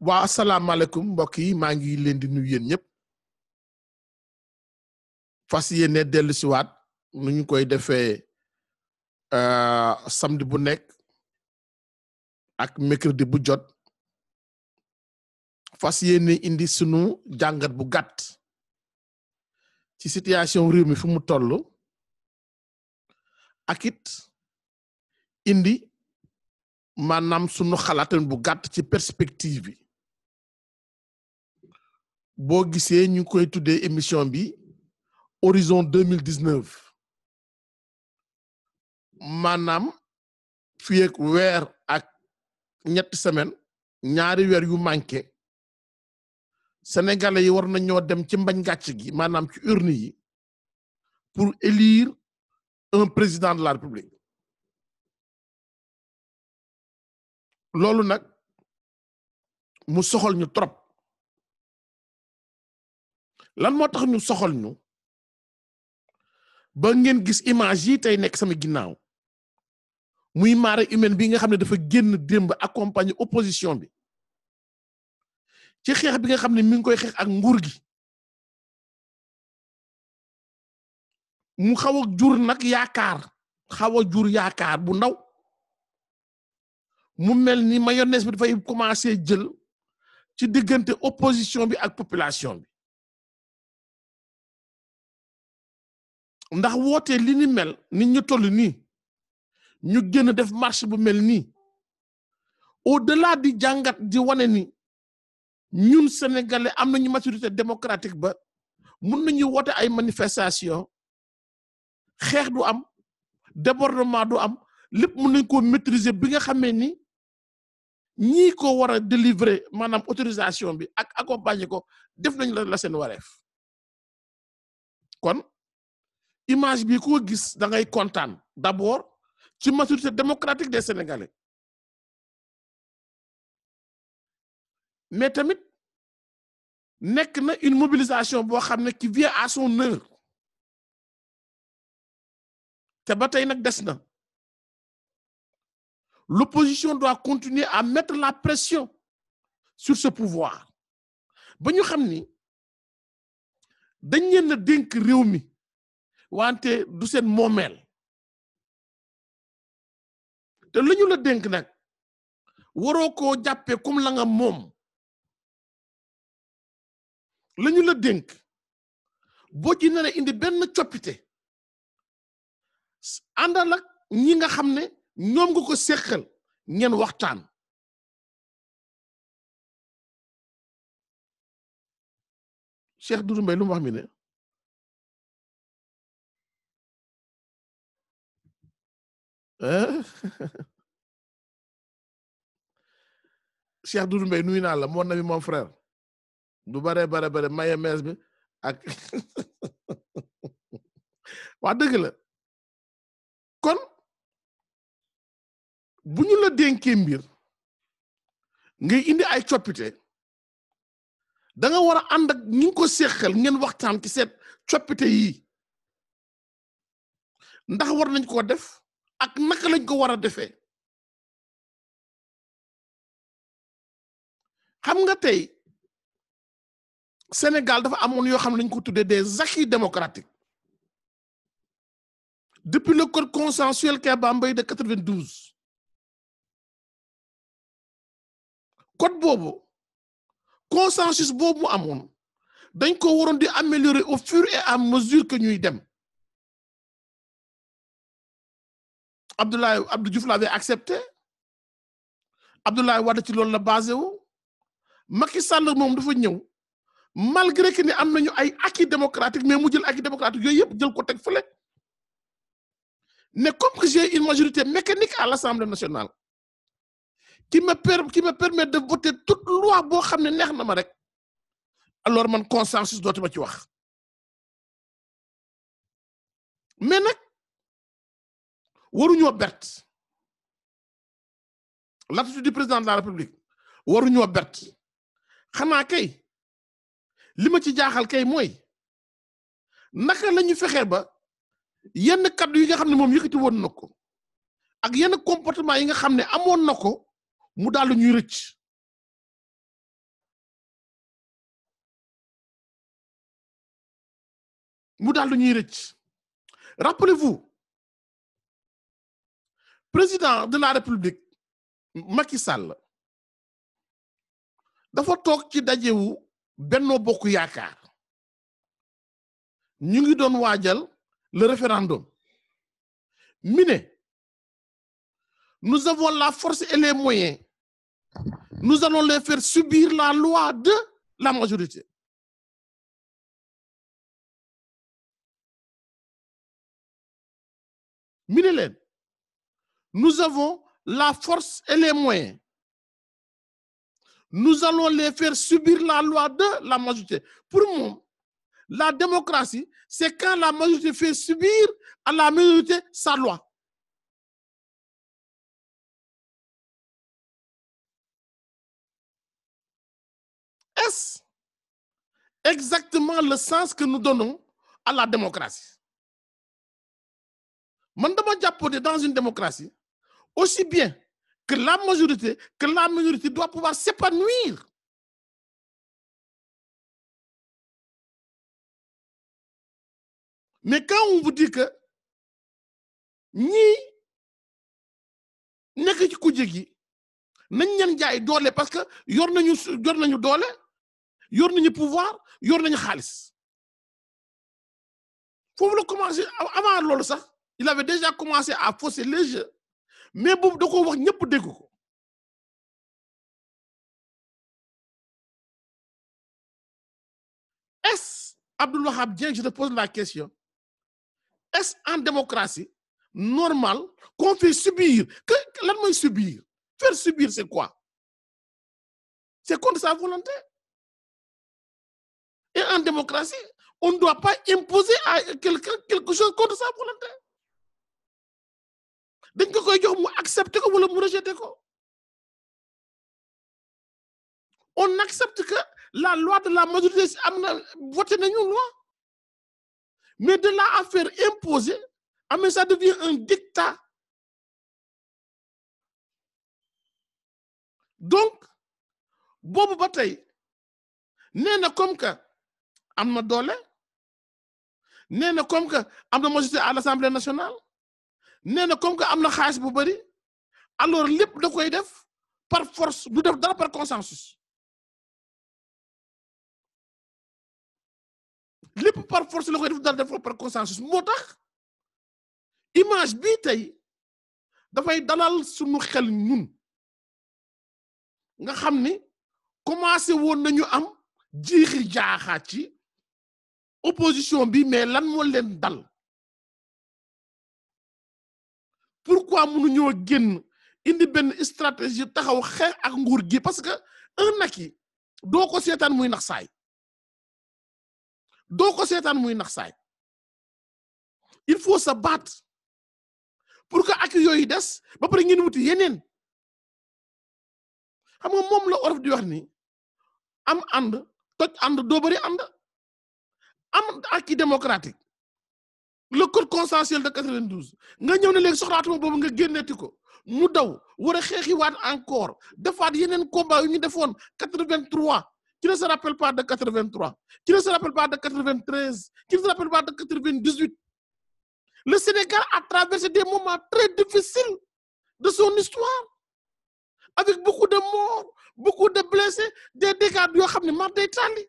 waa asalaamaaleykum mbokk yi maa ngi leen di nuyu yéen ñëpp fas yéene dellu siwaat nu ñu koy defee euh, samedi bu nekk ak mercredi bu jot fas yéene indi sunu jàngat bu gàtt ci situation réew mi fu mu tollu akit it indi maanaam sunu xalaatan bu gàtt ci perspective bi boo gisee ñu koy tuddee émission bi horizon deux mille dix neuf maanaam fii weer ak ñetti semaine ñaari weer yu manqué sénégalais yi war na dem ci mbañ gàcc gi maanaam ci urne yi pour élire un président de la république loolu nag mu soxal ñu trop. lan moo tax ñu soxal ñu ba ngeen gis image yi tey nekk sama ginnaaw muy marée humaine bi nga xam ne dafa génn démb accompagner opposition bi ci xeex bi nga xam ne mi ngi koy xeex ak nguur gi mu xaw a jur nag yaakaar xaw a jur yaakaar bu ndaw mu mel ni mayonnaise bi dafay commencer jël ci diggante opposition bi ak population bi ndax wootee li ni mel nit ñu toll nii ñu gën a def marché bu mel nii au-delà di jàngat di wane ni ñun sénégalais am na ñu maturité démocratique ba mun nañu woote ay manifestation xeex du am débordement du am lépp mun nañ koo maitrisé bi nga xamee ni ñi ko wara a délivrer maanaam autorisation bi ak accompagner ko def nañ la la seen wareef kon image bi ko gis da ngay kontaan d'abord ci maturité démocratique des Sénégalais mais tamit nekk na une mobilisation boo xam ne qui vient à son te ba tey nag des na l'opposition doit continuer à mettre la pression sur ce pouvoir ba ñu xam ni dañ leen a dénk réew mi. wante du seen moomeel te lu ñu la dénk nag waroo koo jàppee comme la nga moom lu la dénk boo ci indi benn coppite àndal ak ñi nga xam ne ñoom ko seqal ngeen waxtaan Cheikh Doudou Mbaye lu mu wax mi Cheikh Doudou Mbaye nuyu naa la mon ami mon frère du bare bare bare mayonnaise bi ak wax dëgg la kon bu ñu la dénkee mbir ngi indi ay coppite danga nga war a ànd ak ko seqal ngeen waxtaan ci seet coppite yi ndax war nañ koo def. ak naka lañ ko war a defee xam nga tey Sénégal dafa amoon yoo xam ne lañu ko tuddee des acquis démocratiques depuis le code consensuel Kéba Mbaye de 92 code boobu consensus boobu amoon dañ ko waroon di améliorer au fur et à mesure que ñuy dem. Abdoulaye Abdou Diouf l'avait accepté Abdoulaye Wade ci loolu la basé wu Macky Sall moom dafa ñëw malgré que ni am nañu ay acquis démocratique mais mu jël acquis démocratique yooyu yëpp jël ko teg fële ne comme que j'ai une majorité mécanique à l'Assemblée nationale qui me per permet de voter toute loi boo xam ne neex na ma rek alors man consensus dootuma ci wax mais waruñoo bert l'attitude du président de la république waruñoo bert xanaa kay li ma ci jaaxal kay mooy naka la ñu fexee ba yenn kaddu yi nga xam ne moom yëkkati woon na ko ak yenn comportement yi nga xam ne amoon na ko mu daal ñuy rëcc mu daal ñuy rëcc rappelez-vous président de la république Macky Sall dafa toog ci dajewu Benno Bokk Yaakaar ñu ngi doon waajal le référendum mi nous avons la force et les moyens nous allons les faire subir la loi de la majorité mi Nous avons la force et les moyens. Nous allons les faire subir la loi de la majorité. Pour moi, la démocratie, c'est quand la majorité fait subir à la minorité sa loi. Est-ce exactement le sens que nous donnons à la démocratie? Man dama jàpp dans une démocratie aussi bien que la majorité que la minorité doit pouvoir s'épanouir mais quand on vous dit que ñi nekk ci kuje gi nañ ñan jaay doole parce que yor nañu yor nañu doole yor nañu pouvoir yor nañu xaalis foofu la commencé avant loolu sax il avait déjà commencé à fausser les mais boobu da ko wax ñëpp ko est-ce Abdoul Wahab je te pose la question est-ce en démocratie normale qu'on fait subir que lan subir faire subir c'est quoi c'est contre sa volonté et en démocratie on doit pas imposer à quelque chose contre sa volonté dañ ko koy jox ko wala mu rejeter ko on accepte que la loi de la majorité am na voté nañu loi mais de là à faire imposer amee ah devient un dictat donc boobu ba tey nee na comme que am na doole nee na comme que am na majorité à l'Assemblée nationale nee na comme que am na xaalis bu bari alors lépp da koy def par force du def dara par consensus lépp par force la def dara def par consensus moo tax image bi tey dafay dalal suñu xel ñun nga xam ni commencé woon nañu am jiixi jaaxaat ci opposition bi mais lan moo leen dal pourquoi mënuñoo génn indi benn stratégie taxaw xeex ak nguur gi parce que un acquis doo ko seetaan muy nax saay doo ko seetaan muy nax saay il faut se battre pour que acquis yooyu des ba pare ngeen wuti yeneen xam moom la Wolof di wax ni am ànd toj ànd doo bari ànd am acquis démocratique le code consensuel de 92 nga ñëw ne léegi soxlaatuma boobu nga génneeti ko mu daw war a xeexiwaat encore defaat yeneen combat yu ñu defoon 83 qui ne se rappelle pas de 83 qui ne se rappelle pas de 93 qui ne se rappelle pas de 98 le Sénégal a traversé des moments très difficiles de son histoire avec beaucoup de morts beaucoup de blessés des dégâts yoo xam ne ma day tàlli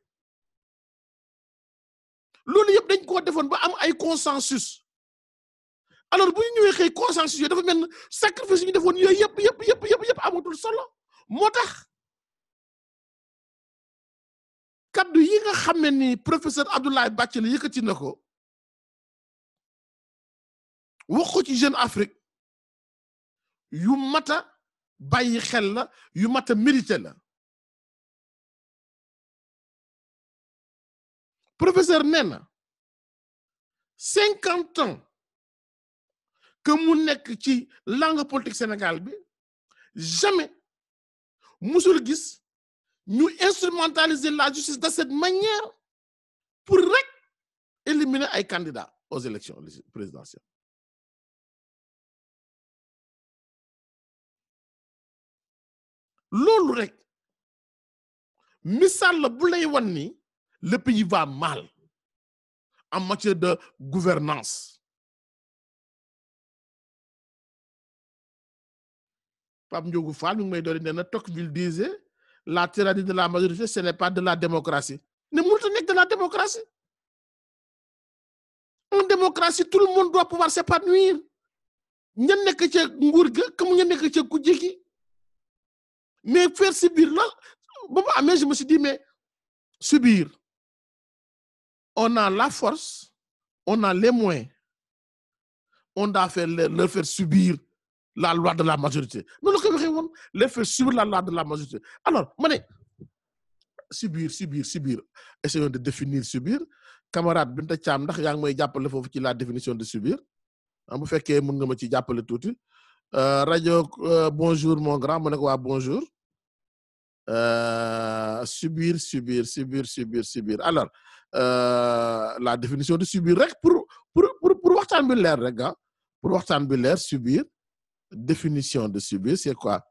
loolu yëpp dañ koo defoon ba am ay consensus alors bu ñu ñëwee xëy consensus yooyu dafa mel ne sacrifice yi ñu defoon yooyu yëpp yëpp yëpp yëpp yëpp amatul solo moo tax kaddu yi nga xam ne ni professeur Abdoulaye Bathily yëkkati na ko wax ko ci Jeune Afrique yu mat a bàyyi xel la yu mat a mérité professeur nee na cinquante ans que mu nekk ci langue politique Sénégal bi jamais musul gis ñu instrumentaliser la justice de cette manière pour rek éliminer ay candidats aux élections présidentielles loolu rek misaal la bu lay wan ni le pays va mal en matière de gouvernance Pape Ndiogou Fall mi ngi may doon nee na Tocqueville disait la tyrannie de la majorité ce n'est pas de la démocratie ne mënut a nekk de la démocratie en démocratie tout le monde doit pouvoir s'épanouir ña nekk ca nguur ga comme ña nekk ca kujje gi mais faire subir la ba ma amee je me suis on a la force on a les moyens on doit faire leur faire subir la loi de la majorité noonu la ko waxee woon leur faire subir la loi de la majorité alors ma ne subir subir subir essayons de définir subir camarade Binta Thiam ndax yaa ngi may jàppale foofu ci la définition de subir ah, bu fekkee mën nga ma ci jàppale tuuti euh, rajo euh, bonjour mon grand mu ne ko waa bonjour euh, subir subir subir subir subir alors Euh, la définition de subir rek pour pour pour pour waxtaan bi leer rek ah pour waxtaan bi leer subir définition de subir c'est quoi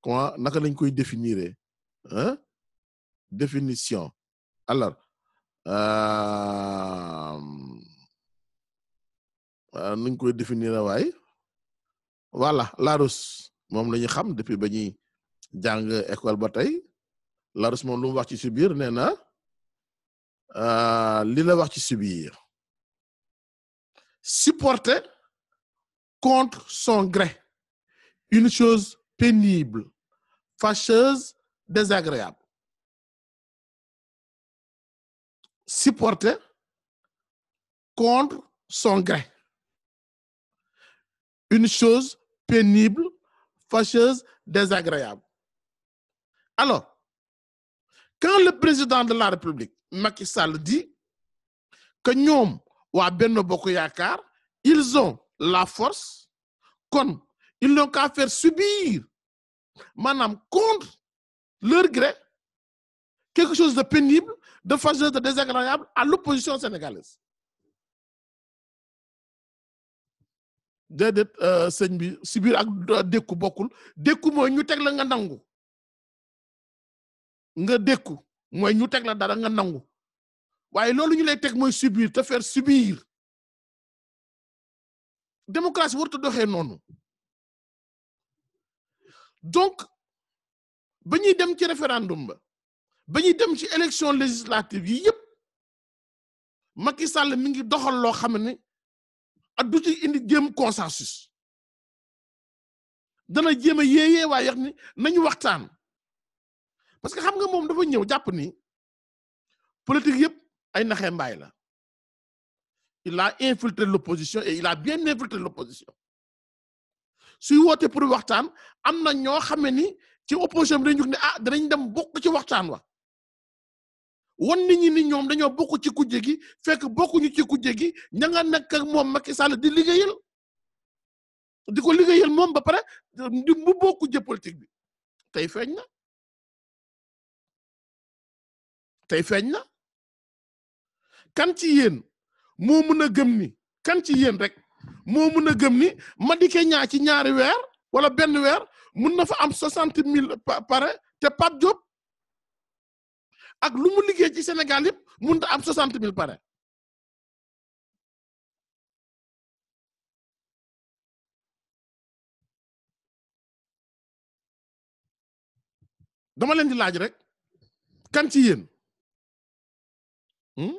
comment naka lañ koy définir hein définition alors euh, euh, nuñ koy définir waaye voilà Larousse moom la ñu xam depuis ba ñuy jàng école ba tey Larousse moom lu mu wax ci subir nee na. Euh, li la wax ci subir supporter contre son gré une chose pénible fâcheuse désagréable supporter contre son gré une chose pénible fâcheuse désagréable alors quand le président de la République Macky Sall dit que ñoom waa Benno Bokk Yaakaar ils ont la force kon ils n'ont qu'à faire subir maanaam contre leur gré quelque chose de pénible de fâcheux de désagréable à l'opposition sénégalaise déedéet euh, sëñ bi subir ak euh, dékku bokkul dékku mooy ñu teg la nga nangu nga dékku mooy ñu teg la dara nga nangu waaye loolu ñu lay teg mooy subir te faire subir démocratie warut doxee noonu donc ba ñuy dem ci référendum ba ba ñuy dem ci élection législative yi yëpp ki Sall mi ngi doxal loo xam ne ak du ci indi jéem consensus dana jéem a yeeyee waaye yax ni nañu waxtaan parce que xam nga moom dafa ñëw jàpp ni politique yëpp ay naxe mbaay la il a infiltré l'opposition et il a bien infiltré l'opposition suy woote pour waxtaan am na ñoo xame ni ci opposition bi dañu jóg ah, dem bokk ci waxtaan wa wan nit ni ñoom dañoo bokk ci kujje gi fekk bokkuñu ciku kujje gi ña nga nekk ak moom Macky Sall di liggéeyal di ko liggéeyal moom ba pare di bu bokk politique bi tey feeñ na tey feeñ na kan ci yéen moo mën gëm ni kan ci yéen rek moo mën a gëm ni Madické Niang ci ñaari weer wala benn weer mun na fa am soixante mille pare te Pape Diop ak lu mu liggéey ci Sénégal yëpp mun na am soixante mille pare dama leen di laaj rek kan ci yéen Hmm?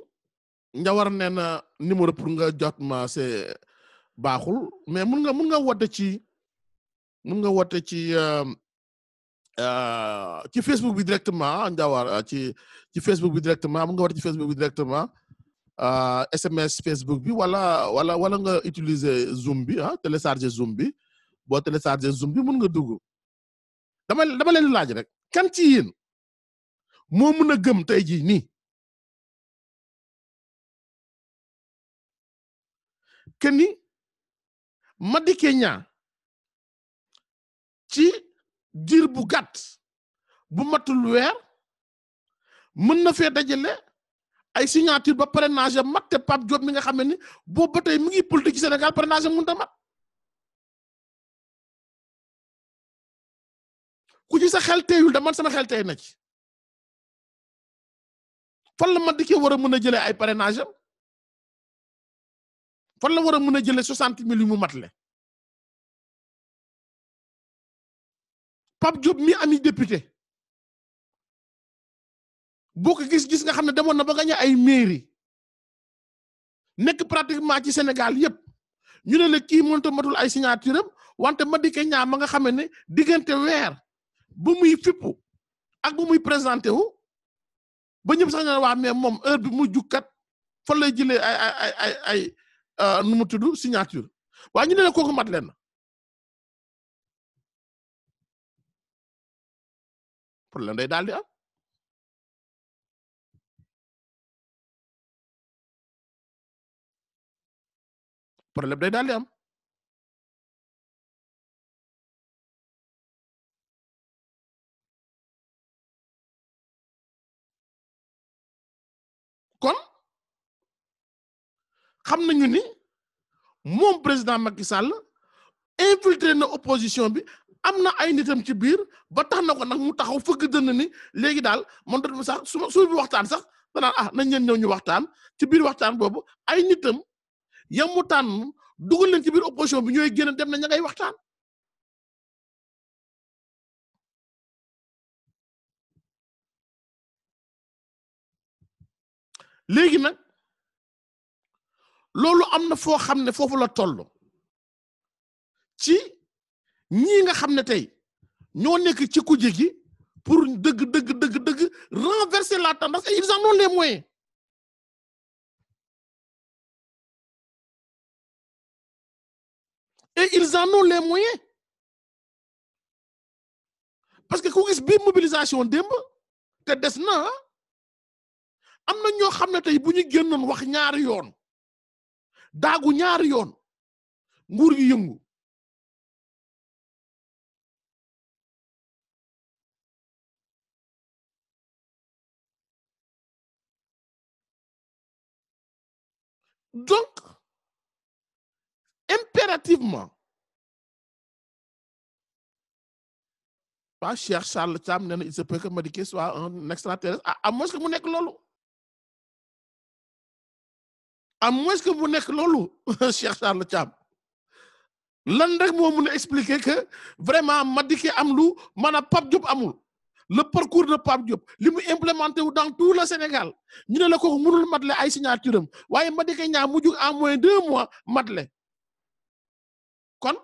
Njawar nee na numéro pour nga jot ma c'est baaxul mais mun nga mun nga woote ci mun nga woote ci euh, euh, ci Facebook bi directement Njawar euh, ci ci Facebook bi directement mun nga woote ci Facebook bi directement SMS Facebook bi wala wala wala nga utiliser Zoom bi ah télécharger Zoom bi boo télécharger Zoom bi mun nga dugg dama dama leen laaj rek kan ci yéen moo mun a gëm tey jii nii. que ni Madické ci diir bu gàtt bu matul weer mën na fee dajale ay signature ba parrainage am mat te Pape Diop mi nga xam ni boobu ba tey mi ngi politique ci Sénégal parrainage am mënut a ku ci sa xel teeyul da man sama xel teey na ci la Madické war a mën a jëlee ay parrainage am fan la war a mën a jëlee soixante mille yu mu matale Pape Diop mi ami député boo ko gis-gis nga xam ne demoon na ba gagné ay mairie nekk pratiquement ci Sénégal yépp ñu ne la kii mënta matul ay signature am wante Madické Niang ma nga xam ne diggante weer ba muy fippu ak ba muy présenté wu ba ñëpp sax na waa mais moom heure bi mu jukkat fan lay jëlee ay ay ay. Euh, nu mu tudd signature waaye ñu ne la kooku mat leen day daal am problème day daal am xam nañu ni moom président Macky Sall infiltré na opposition bi am na ay nitam ci biir ba tax na ko nag mu taxaw fëgg dënn ni léegi daal man de sax su ma waxtaan sax danaan ah, nañ leen ñëw ñu waxtaan ci biir waxtaan boobu ay nitam yam mu tànn dugal leen ci biir opposition bi ñooy génn dem na ña ngay waxtaan. léegi nag. loolu am na foo xam ne foofu la toll ci ñii nga xam ne tey ñoo nekk ci kuje gi pour dëgg dëgg dëgg dëgg renverser la tendance et ils en ont les ils en ont parce que ku gis bii mobilisation démb te des na ah, am na ñoo xam ne tey bu ñu génnoon wax ñaari yoon. daagu ñaar yoon nguur gi yëngu donc impérativement waa Cheikh Charles Thiam nee na il se peut que Madické soit à moins que mu nekk loolu à moins que mu nekk loolu Cheikh Charles Thiam lan rek moo mun a expliquer que vraiment Madické am lu maanaam Pape Diop amul le parcours de Pape Diop li mu implémenté wu dans tout le Sénégal ñu ne la ko mënul matale ay signature am waaye Madické ña mu jug en moins deux mois matale kon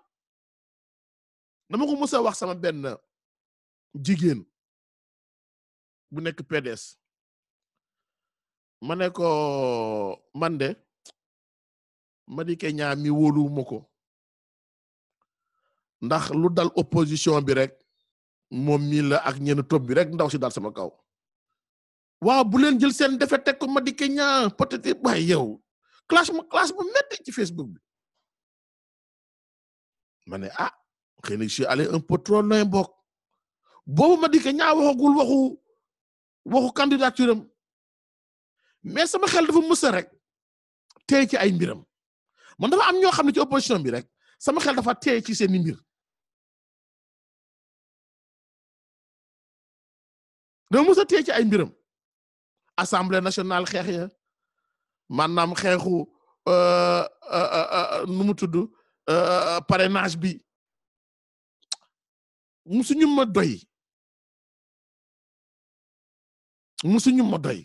dama ko mës wax sama benn jigéen bu nekk PDS ma ne ko man de Madické Niang mi wóoluwuma ko ndax lu dal opposition bi rek moom mii la ak ñenn topp bi rek ndaw si dal sama kaw waaw bu leen jël seen defet teg ko Madické Niang peut-être waaye yow classe mu classe bu metti ci Facebook bi ma ne ah xëy na je suis allé un peu trop loin bokk boobu Madické Niang mais sama xel dafa mësa rek tey ci ay mbiram man am ñoo xam ne ci opposition bi rek sama xel dafa téye ci mbir dama mos a ay mbiram assemblée national xeex ya maanaam xeexu euh, euh, euh, nu mu tudd parrainage bi musuñu ma doy musuñu ma doy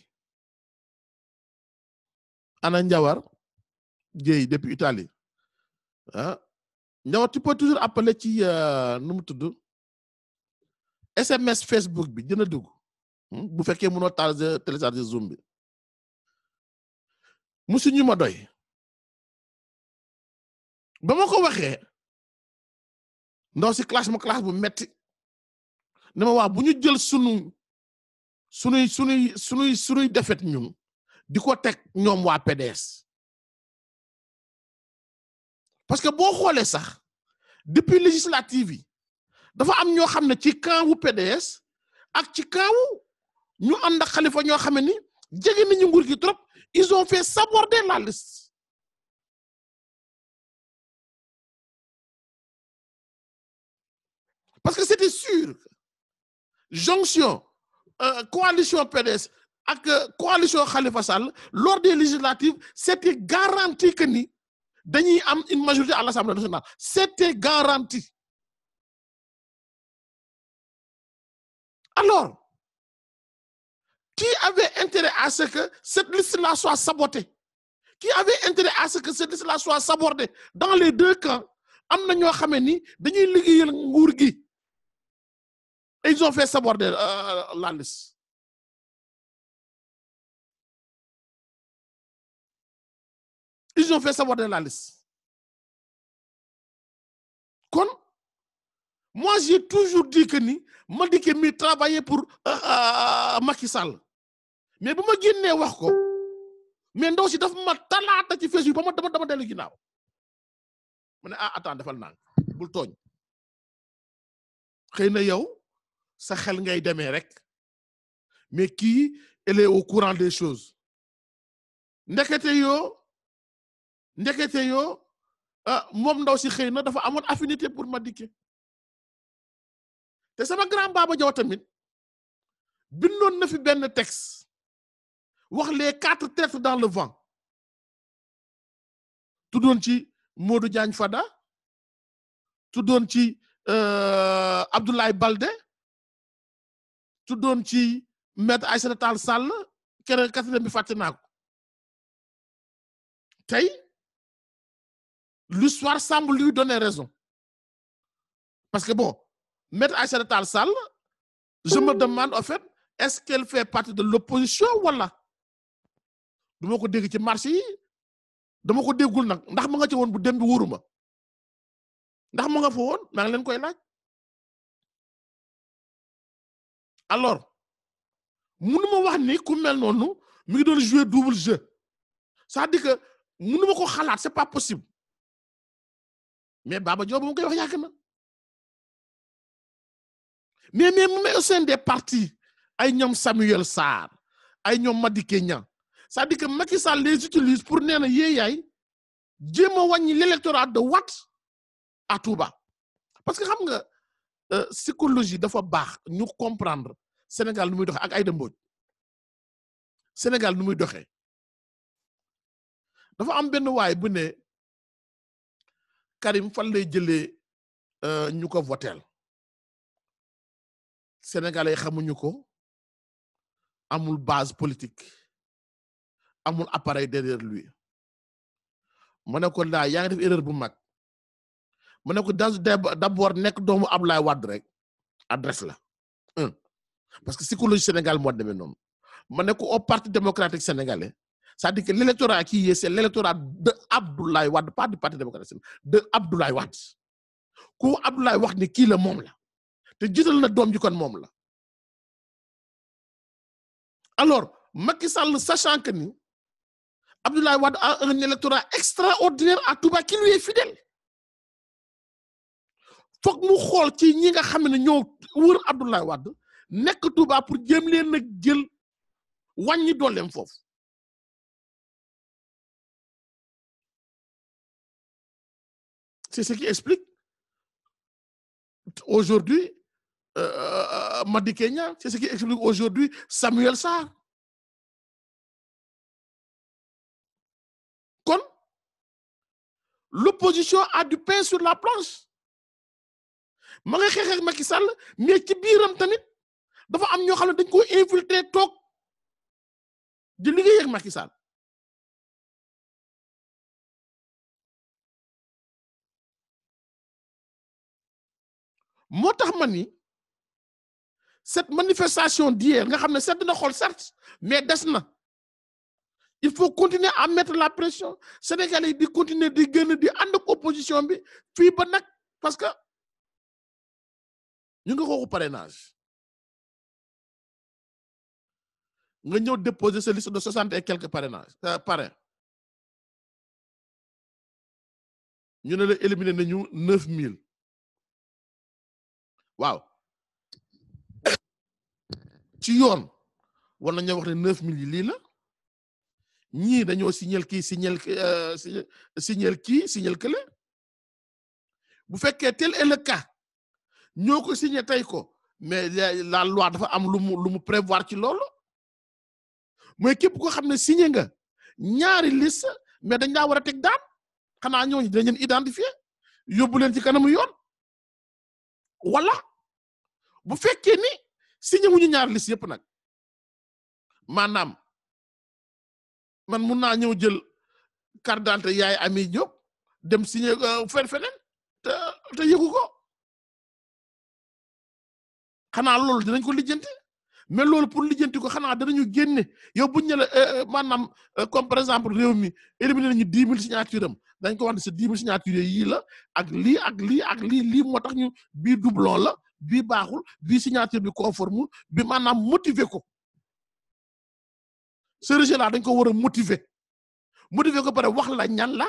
ana njawar Dieye depuis Italie ah Ndiaw tu peux toujours appeler ci euh, nu mu tudd SMS Facebook bi dina dugg hmm, bu fekkee mënoo télécharger télécharger Zoom bi musu ñu ma doy ba ma ko waxee ndaw si classe ma classe bu metti ne ma wax bu ñu jël sunu sunuy sunuy sunuy sunuy defet ñun di ko teg ñoom waa PDS. parce que boo xoolee sax depuis législative yi dafa am ñoo xam ne ci camp wu PDS ak ci camp ñu ànd ak Khalifa ñoo xam ni jege nañu nguur gi trop ils ont fait saborder la liste parce que c'était sûr jonction euh, coalition PDS ak euh, coalition Khalifa Sall lors des législatives c'était garanti que ni. dañuy am une majorité à l'Assemblée nationale c'était garanti alors qui avait intérêt à ce que cette liste-là soit sabotée qui avait intérêt à ce que cette liste-là soit sabordée dans les deux camps am na ñoo xamee ni dañuy liggéeyal nguur gi et ils ont fait saborder euh, la liste ils ont fait saboter la liste kon moi j'ai toujours dit que ni mi travaillait pour euh, euh, Macky Sall mais bu ma génnee wax ko mais ndaw si daf ma talaata ci Facebook ba ma dama dama dellu ginnaaw ma ne ah defal naa bul tooñ xëy na yow sa xel ngay demee rek mais kii elle est au courant des choses ndekete ndekete yoo ah, moom ndaw si xëy na dafa amoon affinité pour Madické te sama grand baba Jaw tamit bindoon na fi benn texte wax les quatre têtes dans le vent tuddoon ci Modou Diagne Fada tuddoon ci euh, Abdoulaye Baldé tuddoon ci maître Aïssata Tall Sall keneen quatrième bi fàtte naa tey l'histoire semble lui donner raison parce que bon maître Aïssata Tall Sall je me demande en fait est-ce qu'elle fait partie de l'opposition wala dama ko dégg ci marché yi dama ko déggul nag ndax ma nga ci woon bu dem bi wóoruma ndax ma nga fa woon maa ngi koy laaj alors mënuma wax ni ku mel mi ngi jouer double jeu cest à que mënuma ko xalaat c'est pas possible mais Baba Diop mu koy wax yàgg na mais mais mais des partis ay ñoom Samuel Sarr ay ñoom Madické Niang c'est-à-dire que Macky Sall les utilise pour nee na yee yaay a wàññi l'électorat de Watt à parce que xam nga euh, psychologie dafa baax ñu comprendre Sénégal nu muy doxee ak Aïda Mbodj Sénégal nu dafa am benn waay bu ne. Karim fan lay jëlee euh, ñu ko voteel sénégalais yi xamuñu ko amul base politique amul appareil derrière lui ma ne yaa def erreur bu mag ma ne ko dans d'abord nekk doomu Ablaye Wade rek adresse la un parce que psychologie Sénégal moo demee noonu ma ne ko au parti démocratique sénégalais. c'est-à-dire que l'électorat qui est c'est l'électorat de Abdoulaye Wade pas du parti démocratique de Abdoulaye Wade ku Abdoulaye wax ni kii la moom la te jiital na doom ji kon moom la alors Macky Sall sachant que ni Abdoulaye Wade a un extraordinaire à Touba qui lui est fidèle mu xool ci ñi nga xam ne ñoo wër Abdoulaye nekk Touba pour jéem leen a jël wàññi dooleem foofu. C'est ce qui explique aujourd'hui euh, euh, euh, Madi Kenya, c'est ce qui explique aujourd'hui Samuel Sarr. Kon, l'opposition a du pain sur la planche. ma nga xeex ak Macky ci biiram tamit dafa am ñoo xam ne dañ ko infiltrer toog di liggéey ak Macky moo tax ma ni cette manifestation d'hier nga xam ne sedd na xol certes mais des na il faut continuer à mettre la pression Sénégalais yi di continuer di génn di ànd ak opposition bi fii ba nag parce que ñu ngi xooxu parrainage nga ñëw déposer sa liste de soixante et quelques parrainage euh, parrain ñu ne la éliminer nañu neuf mille waaw ci yoon war nañoo wax ne neuf mille yi lii la ñii dañoo signal kii signal euh, signal kii signal kële bu fekkee tel est le cas ñoo ko signé tey ko mais la loi dafa am lu mu lu mu prévoir ci loolu mooy képp ko xam ne signé nga ñaari liste mais dañ laa war a teg daan xanaa ñooñu da leen identifier yóbbu leen ci kanamu yoon wala bu fekkee ni signé wuñu ñaar liste yëpp nag maanaam man mun naa ñëw jël carte d'identité yaay Ami Diop dem signé euh, fen feneen te te yëgu ko xanaa loolu dinañ ko lijjanti mais loolu pour lijjanti ko xanaa danañu génne yow buñ ne la euh, euh, maanaam comme par exemple réew mi éliminé nañu dix mille signature am dañ ko wax ne sa signature yii la ak lii ak lii ak lii lii moo tax ñu bii doublon la bi baaxul bi signature bi conforme bi maanaam motiver ko ce dañ ko war a motiver motiver ko pare wax ñan la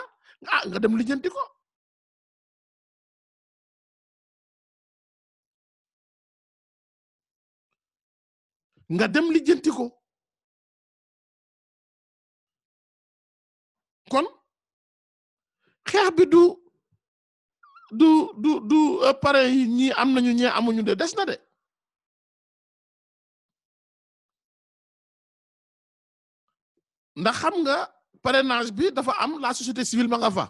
ah nga dem lijjanti ko dem lijjanti ko kon xeex bi du du du euh, pare yi ñii am nañu ñee amuñu de des na de ndax xam nga parrainage bi dafa am la société civile ma nga fa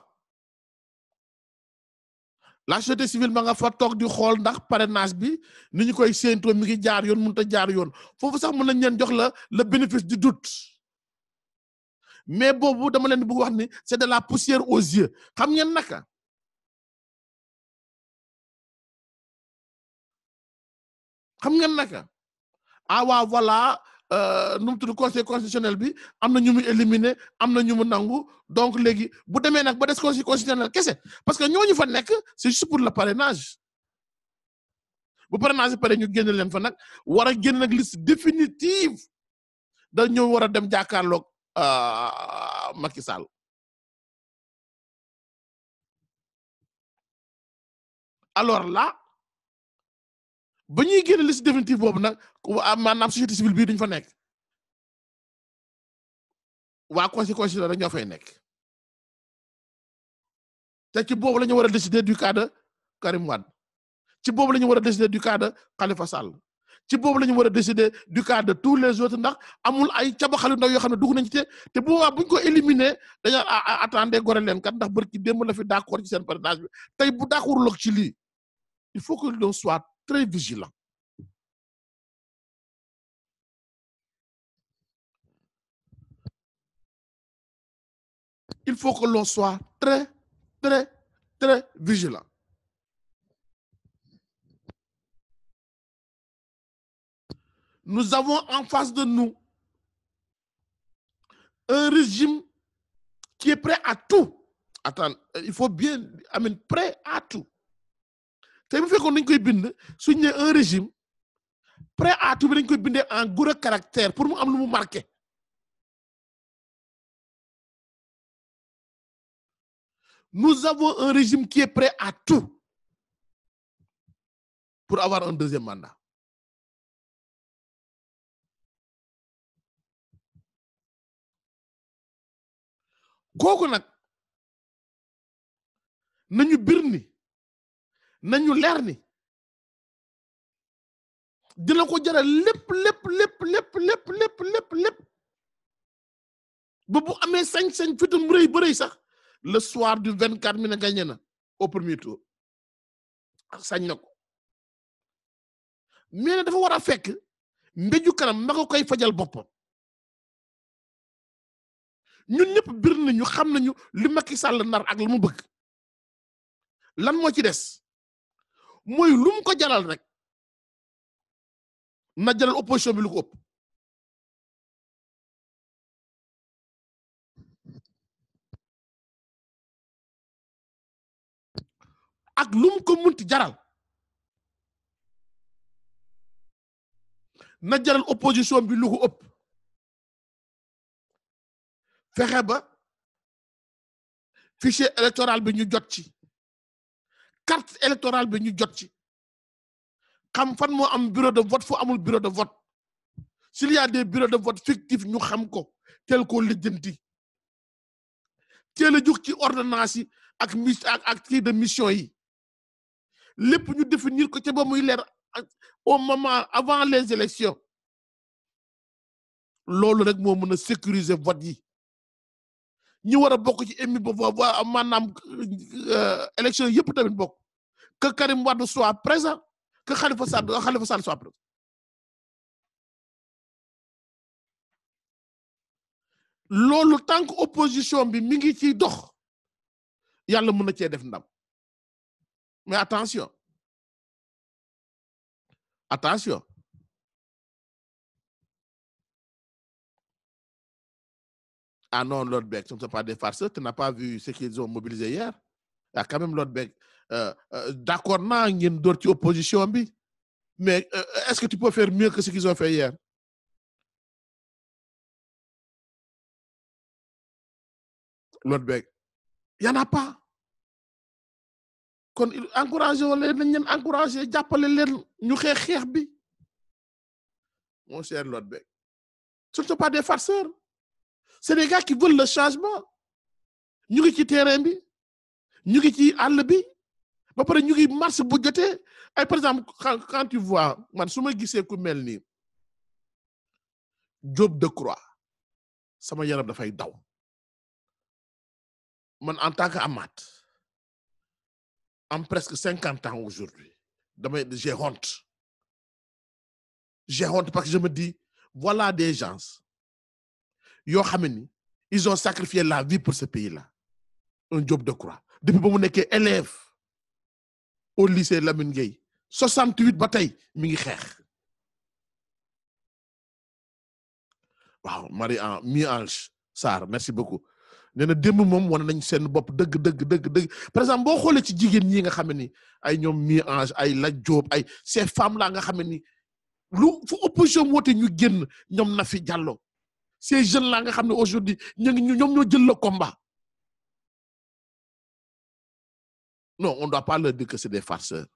la société civile ma nga fa toog di xool ndax parrainage bi ni ñu koy séentoo mi ngi jaar yoon mënut a jaar yoon foofu sax mën nañ leen jox la le bénéfice di doute mais boobu dama leen bëgg wax ni c'est de la poussière aux yeux xam ngeen naka xam ngeen naka ah waaw voilà euh, nu mu tudd conseil constitutionnel bi am na ñu mu éliminer am na ñu mu nangu donc léegi bu demee nag ba des conseil constitutionnel kese parce que ñooñu fa nekk si juste pour le parrainage bu parrainage pare ñu génn leen fa nag war a génn nag liste définitive da ñoo war a dem jàkkaarloog euh, Macky Sall alors là ba ñuy génne liste définitive boobu nag maanaam société civile bii duñ fa nekk waa conseil constitutionnel rek ñoo fay nekk te ci boobu lañu ñu war a décider du cas de Karim Wade ci boobu lañu ñu war a décider du cas de Sall ci boobu la war a décider du cas de tous les autres ndax amul ay cabaxalu ndaw yoo xam ne dugg nañ ci te te bu boobaa bu ñu ko éliminer dañoo attendre gore leen kat ndax barki démb la fi d'accord ci seen parrainage bi tey bu d'accordul ak ci lii il faut que l'on soit très vigilant. Il faut que l'on soit très, très, très vigilant. Nous avons en face de nous un régime qui est prêt à tout. Attends, il faut bien, I mean, à tout. tey bu fekkoon dañ koy bind suñ ne un régime pré atout bi dañ koy bindee en gros pour mu am lu mu marqué nous avons un régime qui est à tout pour avoir un deuxième mandat kooku nag nañu bir nañu leer ni dina ko jaral lépp lépp lépp lépp lépp lépp ba bu amee sañ-sañ fitam rëy ba rëy sax le soir du 24 mi ne gagné na au premier tour sañ na ko mais ne dafa war a fekk mbéju kanam ma ko koy fajal boppam ñun ñëpp bir nañu xam nañu li Macky Sall nar ak lu mu bëgg lan moo ci des mooy lu mu ko jaral rek na jaral opposition bi lu ko ak lu ko munti jaral na jaral opposition bi lu ko ëpp fexe ba fichier électoral bi ñu jot carte électorale bi ñu jot ci xam fan moo am bureau de vote fu amul bureau de vote s'il y a des bureaux de vote fictifs ñu xam ko tel ko lijjanti teel a jug ci ordonnance ak mis ak ak kii de mission yi lépp ñu définir ko ca ba muy leer au moment avant les élections loolu rek moo mën a sécuriser vote yi ñi war a bokk ci émi boobu maanaam euh, élection yëpp tamit bokk que Karim Wade soit présent que Khalifa Sall hmm. Khalifa soit présent loolu tant opposition bi mi ngi ciy dox yàlla mën na cee def ndam mais attention attention Ah non, Lodbeck, tu ne pas des farceurs, tu n'as pas vu ce qu'ils ont mobilisé hier. a ah, quand même Lodbeck. Euh, euh, D'accord, non, il y a une mais euh, est-ce que tu peux faire mieux que ce qu'ils ont fait hier? Lodbeck, il n'y en pas. kon encouragé wu leen nañ leen encouragé jàppale leen ñu xeex xeex bi mon cher Lodbeck ce ne sont pas des farceurs. c'est des gars le changement ñu ngi ci terrain bi ñu ngi ci àll bi ba pare ñu ngi marche bu jotee ay par exemple quand tu vois man su ma gisee ku mel ni de Decroix sama yaram dafay daw man en tant que amaat am presque cinquante ans aujourd'hui damay j'ai honte j'ai honte je me dis voilà des gens yoo xam ni ils ont sacrifié la vie pour ce pays-là un job de croix depuis ba mu nekkee élève au lycée Lamine Gueye 68 ba tey mi ngi xeex. waaw marie en Marie-Ange Sarr merci beaucoup nee na démb moom wane nañ seen bopp dëgg dëgg dëgg par exemple boo xoolee ci jigéen ñi nga xam ne ni ay ñoom Marie-Ange ay Lat Diop ay ces femmes nga xam ne ni lu fu opposition woote ñu génn ñoom na fi Diallo. ces jeunes là nga xam ne aujourd'hui ñu ngi ñoom ñoo jël le combat non on doit pas leur dire que c'est des farceurs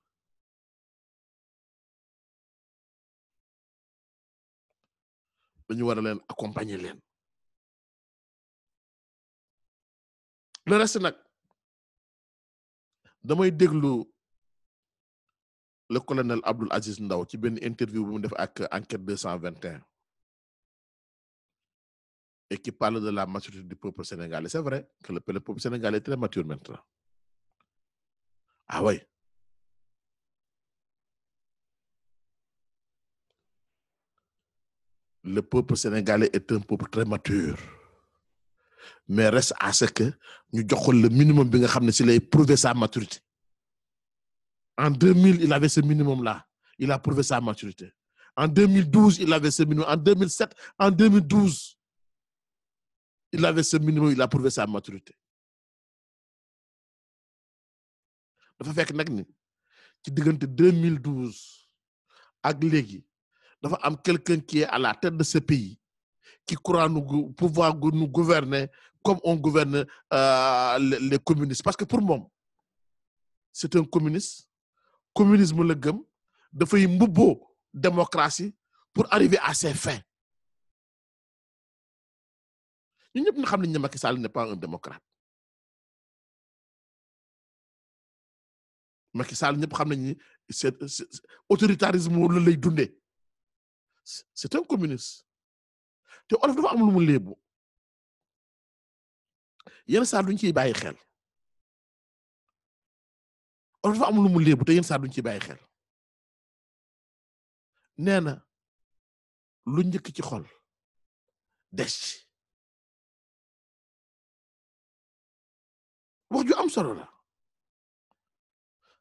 dañu war a leen accompagner leen le reste nag damay déglu le colonel Abdoul Aziz Ndaw ci benn interview bu mu def ak enquête deux cent vingt un et qui parle de la maturité du peuple sénégalais. C'est vrai que le, le peuple sénégalais est très mature maintenant. Ah oui. mais reste à ce que ñu jox le minimum bi nga xam ne si lay prouver sa maturité en 2000 il avait ce minimum là il a prouvé sa maturité en 2012 il avait ce minimum en 2007 en 2012 il avait ce minimum il a prouvé sa maturité dafa fekk nag ni ci diggante 2012 ak léegi dafa am quelqu'un qui est à la tête de ce pays qui croit nous pouvoir nous gouverner comme on gouverne euh, les, les communistes parce que pour moom c'est un communiste communisme la gëm dafay mbubboo démocratie pour arriver à ses fins ñun ñëpp ñu xam nañ ne Macky Sall n'est pas un démocrate Macky Sall ñëpp xam nañ ni c'est autoritarisme wala lay dundee c'est un communiste te olof dafa am lu mu léebu yenn saa duñ ciy bàyyi xel olof dafa am lu mu léebu te yenn saa duñ ciy bàyyi xel nee na lu njëkk ci xol des wax ju am solo la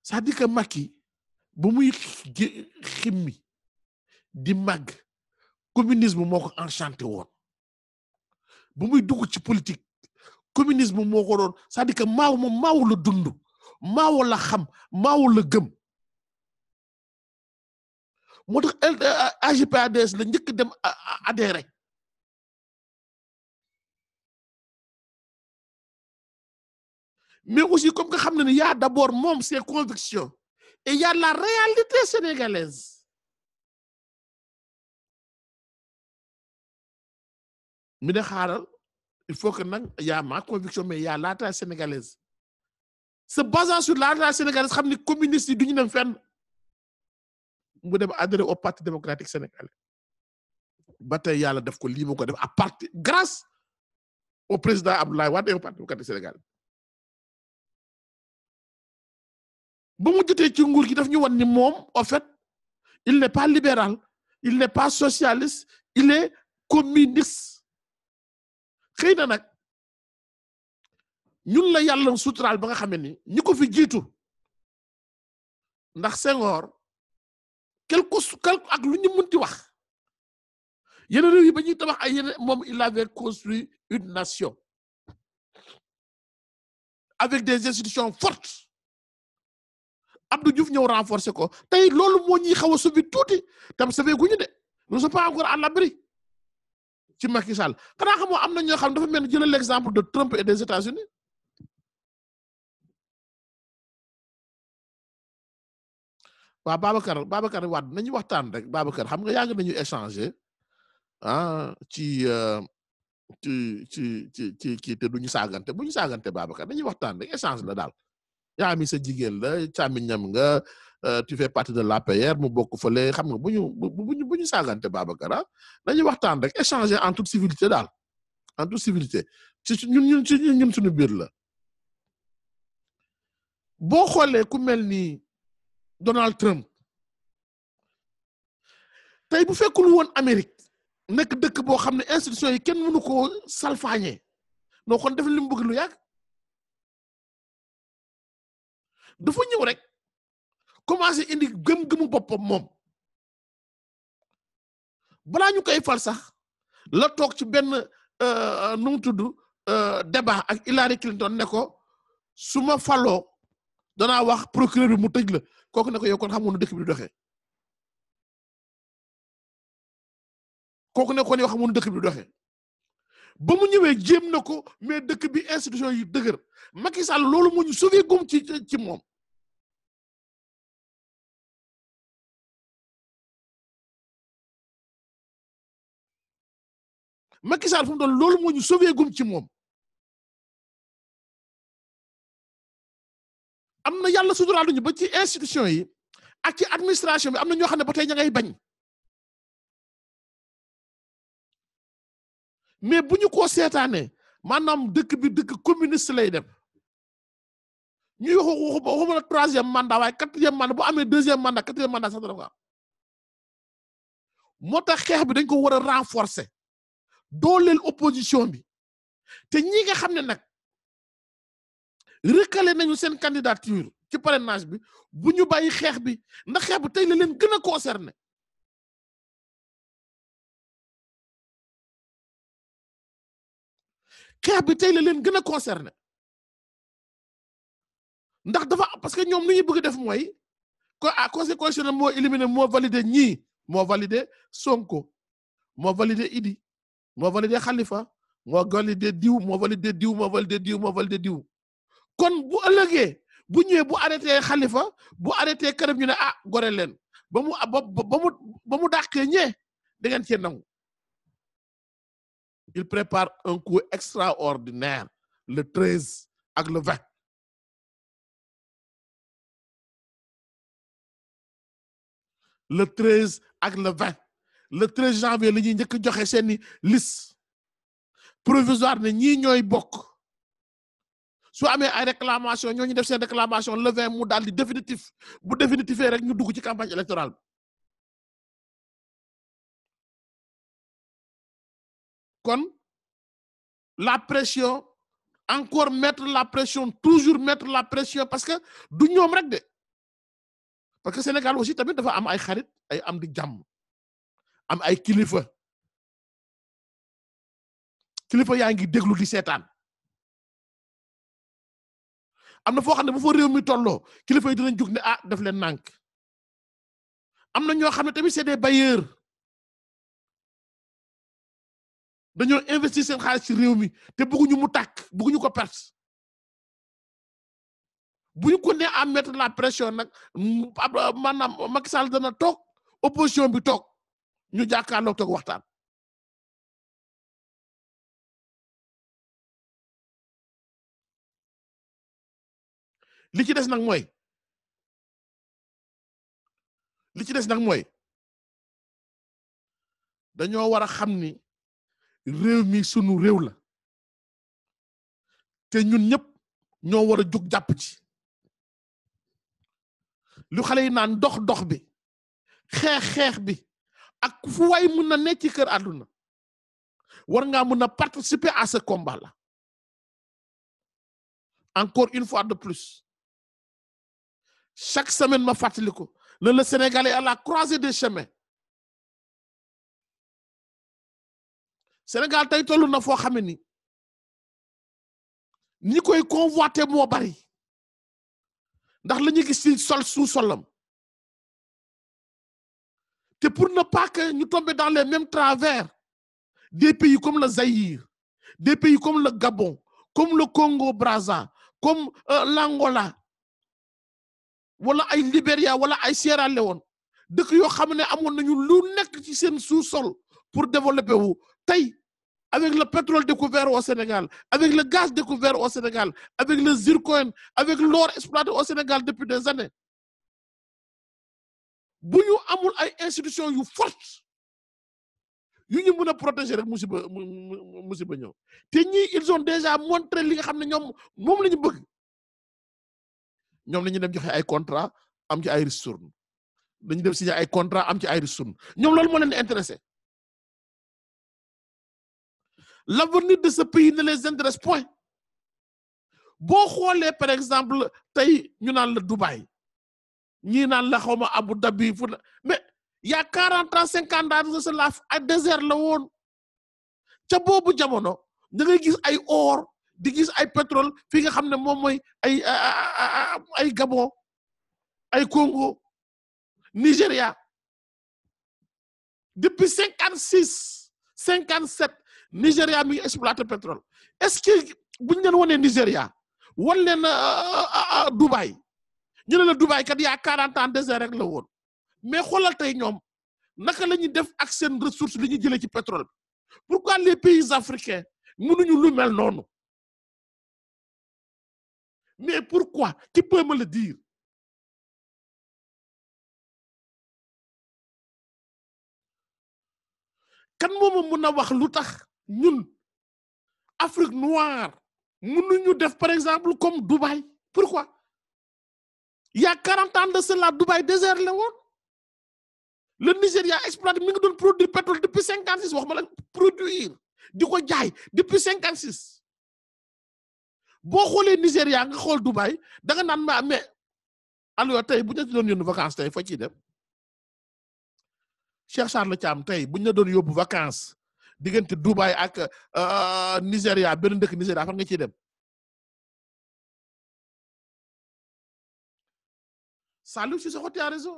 c'est-à-dire que Macky bu muy ximmi di màgg communisme moo enchanté woon bu muy dugg ci politique communisme moo ko doon c'est-à-dire que maaw moom la dund maaw la xam maaw la gëm moo tax AGPADS la njëkk dem adhéré mais aussi comme nga xam na ni a d'abord moom ses convictions et y a la réalité sénégalaise mi xaaral il faut que nag y a ma conviction mais y a la trace sénégalaise se sur la sénégalaise xam ni communiste yi duñu dem fenn mu dem adhéré au parti démocratique sénégalais ba tey yàlla def ko lii mu ko def à partir grâce au président Abdoulaye Wade et au parti démocratique sénégalais ba mu jotee ci nguur gi daf ñu wan ni moom en fait il n'est pas libéral il n'est pas socialiste il est communiste xëy na nag ñun la yàlla suturaal ba nga xame ni ñi ko fi jiitu ndax Senghor quelque quelque ak lu ñu munti wax yeneen réew yi ba ñuy tabax ay yeneen moom il avait construit une nation avec des institutions fortes Abdou Diouf ñëw renforcer ko tey loolu moo ñuy xaw a sauver tuuti tam sauver guñu de nous ne sommes pas a à l'abri ci Macky Sall xanaa xam nga am na ñoo xam dafa mel ni jëlal l'exemple de Trump et des États-Unis waaw Babacar Babacar Wade nañu waxtaan rek Babacar xam nga yàgg nañu échanger ah ci euh, ci ci ci ci te duñu saagante bu ñu saagante Babacar nañu waxtaan rek échange la daal. yaa mi sa jigéen la càmmiñam nga euh, tu fais partie de la l'APR mu bokk fële xam nga bu ñu bu ñu bu ñu saagante Babacar ah dañuy rek échanger en toute civilité daal en toute civilité ci ñun ñun ci ñun suñu biir la. boo xoolee ku mel ni Donald Trump tey bu fekkul woon Amérique nekk dëkk boo xam ne institution yi kenn mënu koo salfaañee noo kon def li mu lu yàgg. dafa ñëw rek commencé indi gëm-gëmu boppam moom balaa ñu koy fal sax la toog ci benn euh, nu mu tudd euh, débat ak Hillary Clinton ne ko su ma faloo danaa wax procureur bi mu tëj la kooku ne ko kon xam nga nu dëkk bi di doxee kooku ne ko yow xam nga nu dëkk bi di ba mu ñëwee jéem na ko mais dëkk bi institution yu dëgër Macky Sall loolu moo ñu sauvé gum ci ci moom. Macky Sall fu mu toll loolu moo ñu sauvé gum ci moom am na yàlla suturaal nañu ba ci institution yi ak ci administration bi am na ñoo xam ne ba tey ña ngay bañ mais bu ñu ko seetaanee maanaam dëkk bi dëkk communiste lay dem ñu wax waxuma la troisième mandat waaye quatrième mandat bu amee deuxième mandat quatrième mandat sax dana ko am moo tax xeex bi dañ ko war a renforcer dooleel opposition bi te ñii nga xam ne nag recalé nañu seen candidature ci parrainage bi bu ñu bàyyi xeex bi ndax xeex bi tey la leen gën a concerné xeex bi tey la leen gën a concerné ndax dafa parce que ñoom li ñu bëgg def mooy ko à ah, conseil moo éliminé moo valider ñii moo validé Sonko moo valider Idi moo validé Khalifa moo validé diw moo validé diw moo validé diw kon bu ëllëgee bu ñëwee bu arrêté Khalifa bu arrêté këram ñu ne ah gore leen ba mu ba mu ba mu dàqee ñee da il prépare un coup extraordinaire le treize ak le vingt le treize ak le vingt le 13 janvier li ñuy njëkk joxe seeni lis provisoire ne ñii ñooy bokk su amee ay réclamation ñoo ñu def seen réclamation le 20 mu daal di définitif bu définitifee rek ñu dugg ci campagne électorale bi kon la pression encore mettre la pression toujours mettre la pression parce que du ñoom rek de parce que Sénégal aussi tamit dafa am ay xarit ay am di jàmm am ay kilifa kilifa yaa ngi déglu di seetaan am na foo xam ne bu fa réew mi tolloo kilifa yi dinañ jug ne a ah, def leen nànk am na ñoo xam ne tamit c'est des bailleurs dañoo investir seen xaalis ci réew mi te bëgguñu mu tàkk bëgguñu ko perte bu ñu ko nee à mettre la pression nag maanaam Macky Sall dana toog opposition bi toog. ñu jàkkaarloog toog waxtaan li ci des nag mooy li ci des nag mooy dañoo war a xam ni réew mi sunu réew la te ñun ñëpp ñoo war a jóg jàpp ci lu xale dox dox bi xeex xeex bi ak fu waay mun na nekk ci kër àdduna war ngaa mun a participer à ce combat là encore une fois de plus chaque semaine ma fàttali ko ne le Sénégal est à la croisée des chemins Sénégal tey tollu na foo xame ni ñi koy convoité moo bari ndax la ñu gis ci sol sous solam te pour na pas ñu tombe dans les mêmes travers des pays comme le Zaïre des pays comme le Gabon comme le Congo Brazza comme euh, l'Angola wala ay Libéria wala ay Sierra Leone dëkk yoo xam ne amoon nañu lu nekk ci seen sous-sol pour développer wu tey avec le pétrole découvert au Sénégal avec la gaz découvert au Sénégal avec le zircon avec l'or exploité au Sénégal depuis des années bu amul ay institution yu forte yu ñu mën a protéger rek musiba musiba ñëw te ñii ils ont déjà montré li nga xam ne ñoom moom la ñu bëgg ñoom la ñu dem joxe ay contrat am ci ay ristourne dañu dem signer ay contrat am ci ay ristourne ñoom loolu moo leen intéressé l'avenir de ce pays ne les intéresse point boo xoolee par exemple tey ñu naan la Dubaï ñii naan la xaw ma Abu Dhabi mais y' quarante ans cinquante ans de cela ay désert la woon ca boobu jamono da ngay gis ay or di gis ay pétrole fi nga xam ne moom mooy ay ay Gabon ay Congo Nigéria depuis cinquante six cinquante sept Nigéria mi exploité pétrole est-ce que bu ñu leen wanee Nigéria wan leen euh, euh, euh, ñu ne la Dubaay kat yaa 40 ans désert rek la woon mais xoolal tey ñoom naka la ñuy def ak seen ressource li ñuy jëlee ci pétrole bi pourquoi les pays africains mënuñu lu mel noonu mais pourquoi qui peut me le dire. kan mooma mën a wax lu tax ñun Afrique noire ñu def par exemple comme Dubaï pourquoi il y a 40 ans de cela Dubaï désert la woon le Nigéria exploité mi ngi doon produire pétrole depuis 56 wax ma la produire di ko jaay depuis 56 boo xoolee Nigéria nga xool Dubaï da nga naan ma mais alors tey bu ñu la doon yónni vacances tey fa ciy dem Cheikh Charles Thiam tey bu ñu la doon yóbbu vacances diggante Dubaï ak euh, Nigéria benn dëkk Nigéria fan nga ciy dem. Saliou Cissokho tu as raison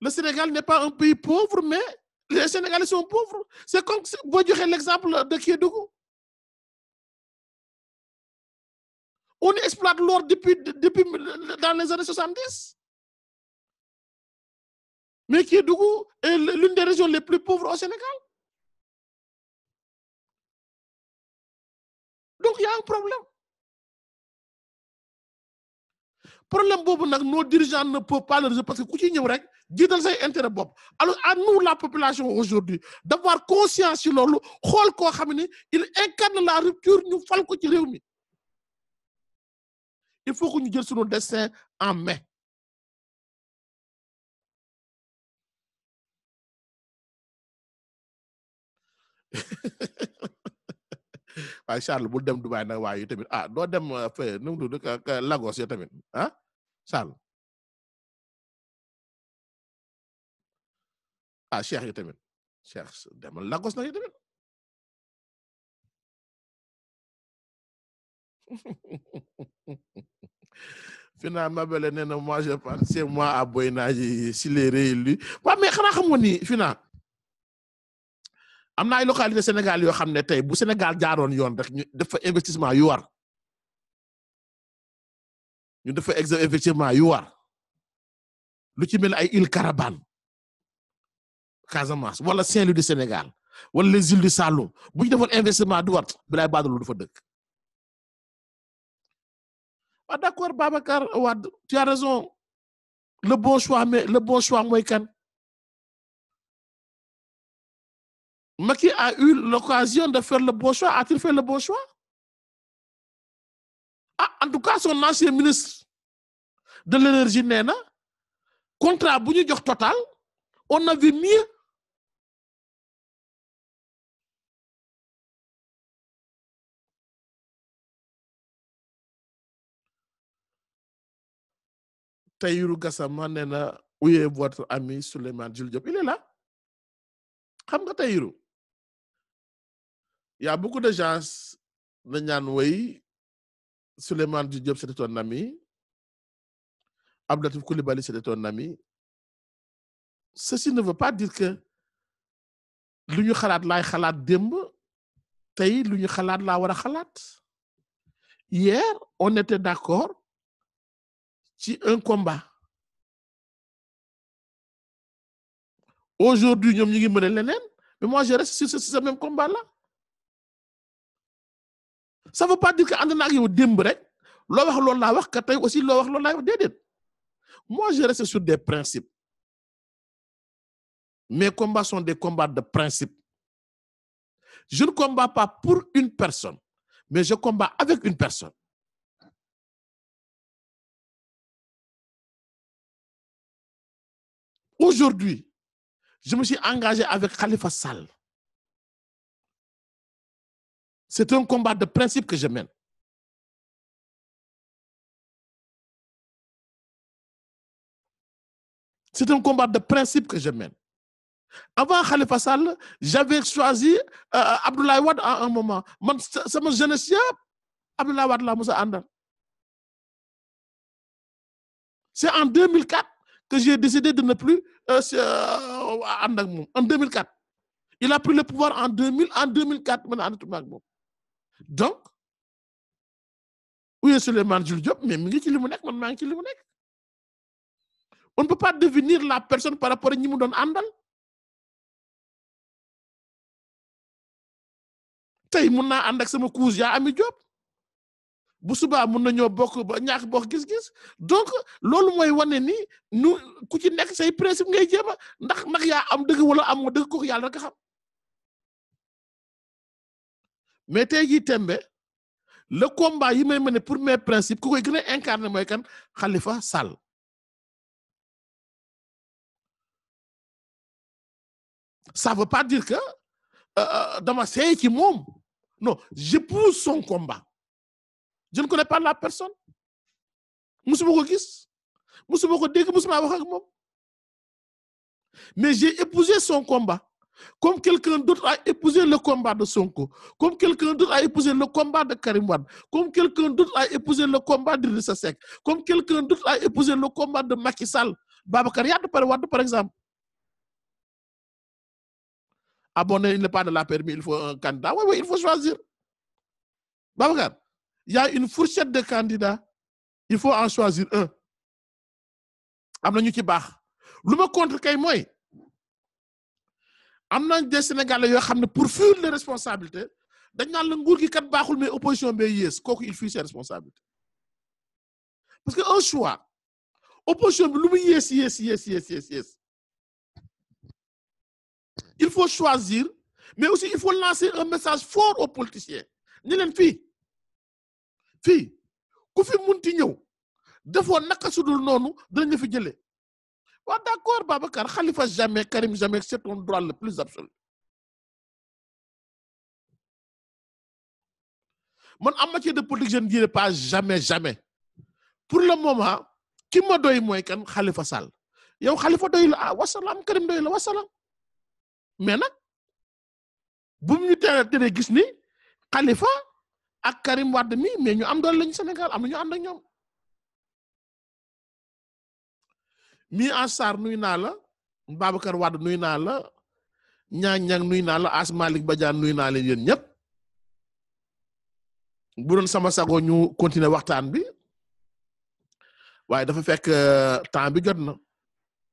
le Sénégal n'est pas un pays pauvre mais les Sénégalais sont pauvres c'est comme boo joxe l'exemple de Kédougou on exploite l'or depuis depuis dans les années soixante-dix mais Kédougou est l'une des régions les plus pauvres au Sénégal donc il y a un problème problème boobu nag nos dirigeants ne peuvent parce que ku ci ñëw rek jiital say intérêt bopp alors à nous la population aujourd'hui d'avoir conscience ci loolu xool koo xam ne il incarne la rupture ñu fal ko ci réew mi il faut que ñu jël sunu destin en main waaye Charles bul dem Dubaï nag waaye tamit ah doo dem euh, fee nu mu tudd Lagos yo tamit ah Sall ah Cheikh yi tamit Cheikh demal Lagos na yi tamit finalement Mabele nee na moi je pensais moi à Boyna s'il est réélu waaw mais xanaa xamoon ni final am na ay localité Sénégal yoo xam ne tey bu Sénégal jaaroon yoon rek investissement yu war ñu dafa exe effectivement yu war lu ci mel ay île wala Saint-Louis du Sénégal wala les îles du Saloum bu ñu defoon investissement du war bilaay baadalu du fa dëkk. waaw d'accord Babacar Wade tu as raison le bon choix le bon choix mooy kan. a eu l'occasion de faire le bon a ah, en tout cas son ancien ministre de l'énergie nee na contrat bu ñu jox Total on avait mieux Tahirou Gassama nee na où votre ami Souleymane Jules Diop il est xam nga Tahirou y a beaucoup gens na ñaan way Souleymane Diop c'était un ami. Abdoulatif Koulibaly c'était un ami. Ceci ne veut pas dire que lu ñu xalaat laay xalaat démb tey lu ñu xalaat laa war a xalaat. Hier, on était d'accord ci un combat. Aujourd'hui ñoom ñu ngi mën a leneen moi je reste sur ce même combat-là. ça veut pas dire que ànd naa ak yow démb rek loo wax loo laa wax que aussi loo wax loolu laa wax moi je reste sur des principes mes combats sont des combats de principe je ne combats pas pour une personne mais je combats avec une personne aujourd'hui je me suis engagé avec Khalifa Sall C'est un combat de principe que je mène. combat de principe que je mène. Avant Khalifa Sall, j'avais choisi euh, euh Abdoulaye Wade à un moment. Man sama jeunesse yëpp Abdoulaye Wade laa mës a àndal. C'est en 2004 que j'ai décidé de ne plus euh, euh, ànd ak moom en 2004. Il a pris le pouvoir en 2000 en 2004 man àndatuma ak moom. donc Oya Souleymane Jules Diop mais mi ngi ci li mu nekk man maa ngi ci li mu nekk on ne peut pas devenir la personne par rapport a ñi mu doon àndal tey mun naa ànd sama cousin ya ami Diop bu subaa mun nañoo bokk ba ñàkk bokk gis-gis donc loolu mooy wane ni nu ku ci nekk say principe ngay jéem a ndax ndax yaa am dëgg wala amoo dëgg kooku yàlla rek a mais tey jii tembe le combat yi may mener pour mes principes ku koy gën a incarner mooy kan Khalifa Sall. ça pas dire que euh, euh, dama seey ci moom non j'épouse son combat je ne connais pas la personne musuma ko gis musuma ko dégg musuma wax ak moom mais j'ai épousé son combat comme quelqu'un d'autre a épousé le combat de Sonko comme quelqu'un d'autre a épousé le combat de Karim Wade comme quelqu'un d'autre a épousé le combat d'Idrissa Seck comme quelqu'un d'autre a épousé le combat de Macky Sall Babacar Yadd par exemple ah il n'est pas de la permis il faut un candidat oui oui il faut choisir Babacar il y une fourchette de candidats il faut en choisir un am na ñu ci ma contre kay mooy am nañ des Sénégalais yoo xam ne pour fuir les responsabilités dañ naan la nguur gi kat baaxul mais opposition bee yées kooku il fuit ses responsabilités parce que un choix opposition bi lu mu yées yées yées yées yées il faut choisir mais aussi il faut lancer un message fort aux politiciens ñu leen fii fii ku fi munti ñëw defoo naka sudul noonu dinañ la fi jëlee. waaw d'accord Babacar Khalifa jamais Karim jamais c'est ton droit le plus absolu man en matière de politique je ne pas jamais jamais pour le moment ki ma doy mooy kan Khalifa Sall yow Khalifa doy la ah Karim doy la wasalaam mais nag bu ñu teel tere gis ni Khalifa ak Karim Wade mi mais ñu am doole lañu Sénégal am na ñu ànd ak ñoom. mi Ansar nuy naa la Babacar Wade nuy naa la ñaang ñaang nuy naa la As Malick Badiane nuy naa leen yéen bu doon sama sago ñu continuer waxtaan bi waaye dafa fekk euh, temps bi jot na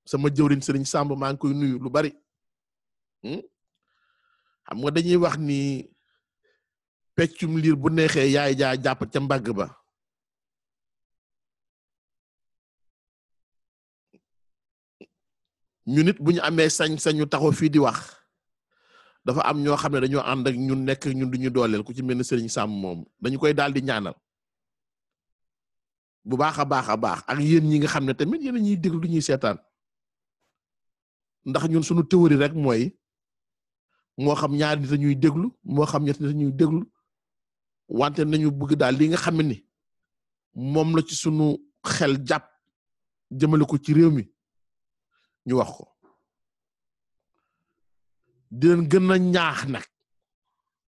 sama jëwriñ Sëriñ Samb maa ngi koy nuyu lu bari hmm? xam nga dañuy wax ni peccum liir bu neexee yaay jaa jàpp ca mbagg ba. ñu nit bu ñu amee sañ-sañu taxaw fii di wax dafa am ñoo xam ne dañoo ànd ak ñun nekk ñun duñu dooleel ku ci mel ni Serigne Sam moom dañu koy daal di ñaanal bu baax a baax a baax ak yéen ñi nga xam ne tamit yéen ñuy déglu du ñuy seetaan ndax ñun suñu théorie rek mooy moo xam ñaari nit ñuy déglu moo xam ñetti nit ñuy déglu wante nañu bëgg daal li nga xam ni moom la ci sunu xel jàpp jëmale ko ci réew mi. ñu wax ko di leen gën a ñaax nag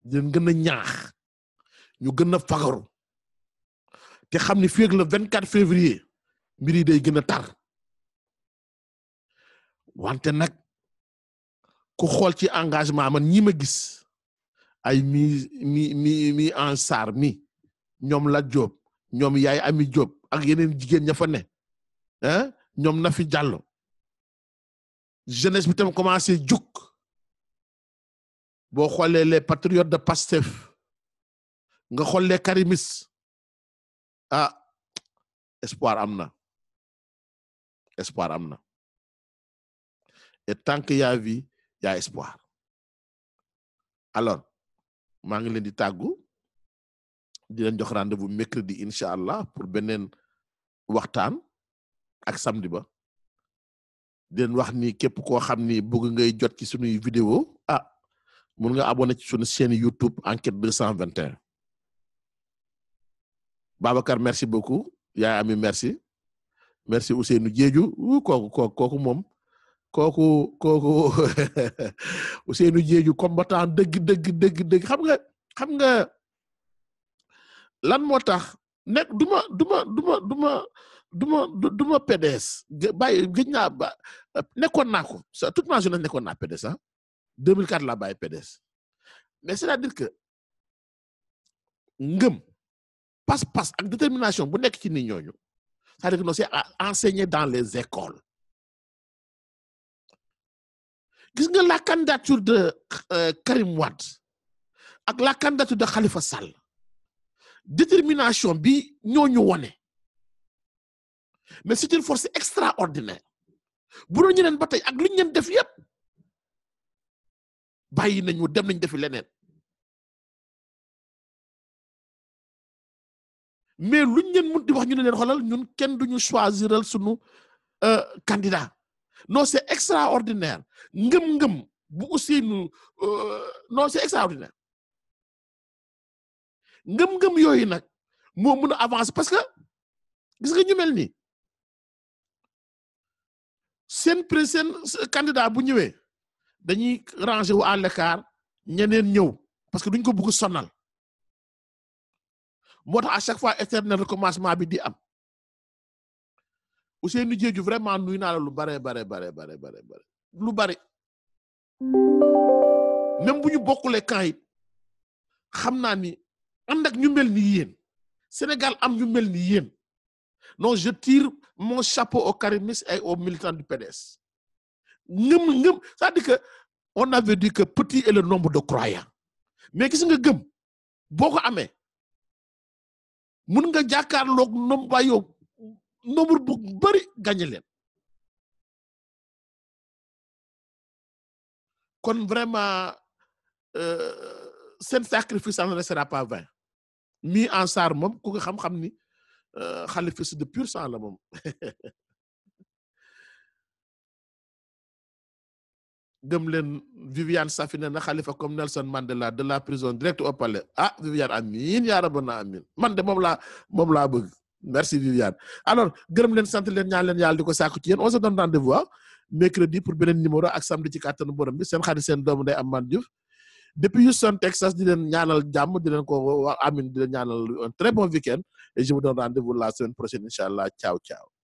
di gën a ñaax ñu gën a fagaru te xam ni fii ak le vingt quatre février mbir yi day gën a tar wante nag ku xool ci engagement ma ñi ma gis ay mi mi mi en sar mi ñoom la Jóob ñoom yaay Ami Jóob ak yeneen jigéen ña fa ne ah ñoom na fi jàllo jeunesse bi tam commencé jug boo xoolee les patriotes de Pastef nga xool les karimis ah espoir am na espoir am na et tant que y a vie y espoir alors maa ngi leen di tàggu di leen jox rendez-vous mercredi incha allah pour beneen waxtaan ak samdiba den wax ni képp koo xam ni bëgg ngay jot ci sunuy vidéo ah mun nga abonné ci sunu chaîne YouTube enquête deux cent vingt et un Babacar merci beaucoup yaa ami merci merci Ousseynou Diédiou kooku kooku kooku moom kooku kooku Ousseynou Diédiou combattant dëgg dëgg dëgg dëgg xam nga xam nga lan moo tax nekk duma duma duma duma du ma du ma PDS ba nekkoon naa ko toute ma jeunesse nekkoon naa PDS ah 2004 laa bàyyi PDS mais c'est-à-dire que ngëm pas-pas ak détermination bu nekk ci nit ñooñu c'est-à-dire que non c'est enseigné dans les écoles gis nga la candidature de euh, Karim Wade ak la candidature de Khalifa Sall détermination bi ñooñu wone mais c'est une force extraordinaire bu doon ñeneen ba tey ak lu ñu leen def yépp bàyyi nañu dem nañ defi leneen mais luñ leen mën di wax ñu ne leen xoolal ñun kenn duñu choisiral sunu euh, candidat non c'est extraordinaire ngëm-ngëm bu Ousseynou euh, non c'est extraordinaire ngëm-ngëm yooyu nag moo mën a avancer parce que gis nga ñu mel nii seen pré seen candidat bu ñëwee dañuy ranger wu à ñeneen ñëw parce que duñ ko bëgg sonal moo tax à chaque fois éternel recommencement bi di am Ousseynou Diedhiou vraiment nuy naa la lu bare bare bare bare bare bare lu bare même bu ñu xam naa ni ànd ak ñu mel ni yéen Sénégal am ñu mel ni yéen non je tire mon chapeau aux karimistes et aux militants du PDS ngëm ngëm cest on avait que petit est le nombre de croyants mais gis nga gëm boo ko amee mun nga jàkkaarloog nombre ba nombre bu bari gagné leen kon vraiment euh, seen sacrifice ça ne sera pas vain mis en sar moom ku nga xam ni xalifa euh, si de pur sang la moom gëm leen Viviane Safi ne na xalifa comme Nelson Mandela de la prison direct au palais ah Viviane amin yaa rabbana amin man de moom laa moom laa bëgg merci Viviane alors gërëm leen sant leen ñaan leen di ko sàkku ci yen on se donne rendez-vous ah, mercredi pour beneen numéro ak samedi ci kàttanu borom bi sen xarit seen doomu day am man Diouf depuis Houston Texas di leen ñaanal jàmm di leen ko amin di leen ñaanal très bon week Et je vous donne rendez-vous la semaine prochaine, Inch'Allah. Ciao, ciao.